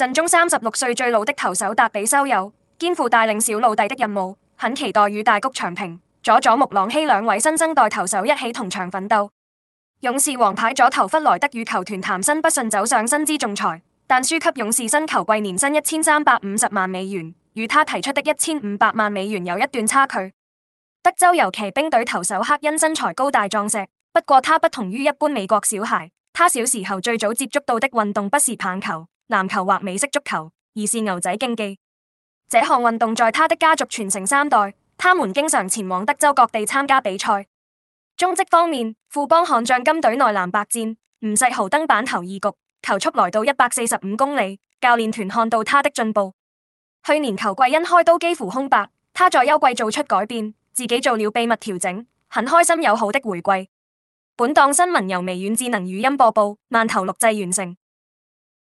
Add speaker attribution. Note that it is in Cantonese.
Speaker 1: 陣中三十六歲最老的投手達比修有，肩負帶領小老弟的任務，很期待與大谷翔平、佐佐木朗希兩位新生代投手一起同場奮鬥。勇士王牌左投弗萊德與球團談薪不順，走上薪資仲裁，但輸給勇士新球季年薪一千三百五十萬美元，與他提出的一千五百萬美元有一段差距。德州遊騎兵隊投手克恩身材高大壯碩，不過他不同於一般美國小孩，他小時候最早接觸到的運動不是棒球。籃球或美式足球，而是牛仔競技。這項運動在他的家族傳承三代，他們經常前往德州各地參加比賽。中職方面，富邦悍將今隊內藍白戰，吳世豪登板投二局，球速來到一百四十五公里。教練團看到他的進步，去年球季因開刀幾乎空白，他在休季做出改變，自己做了秘密調整，很開心有好的回歸。本檔新聞由微軟智能語音播報，慢投錄製完成。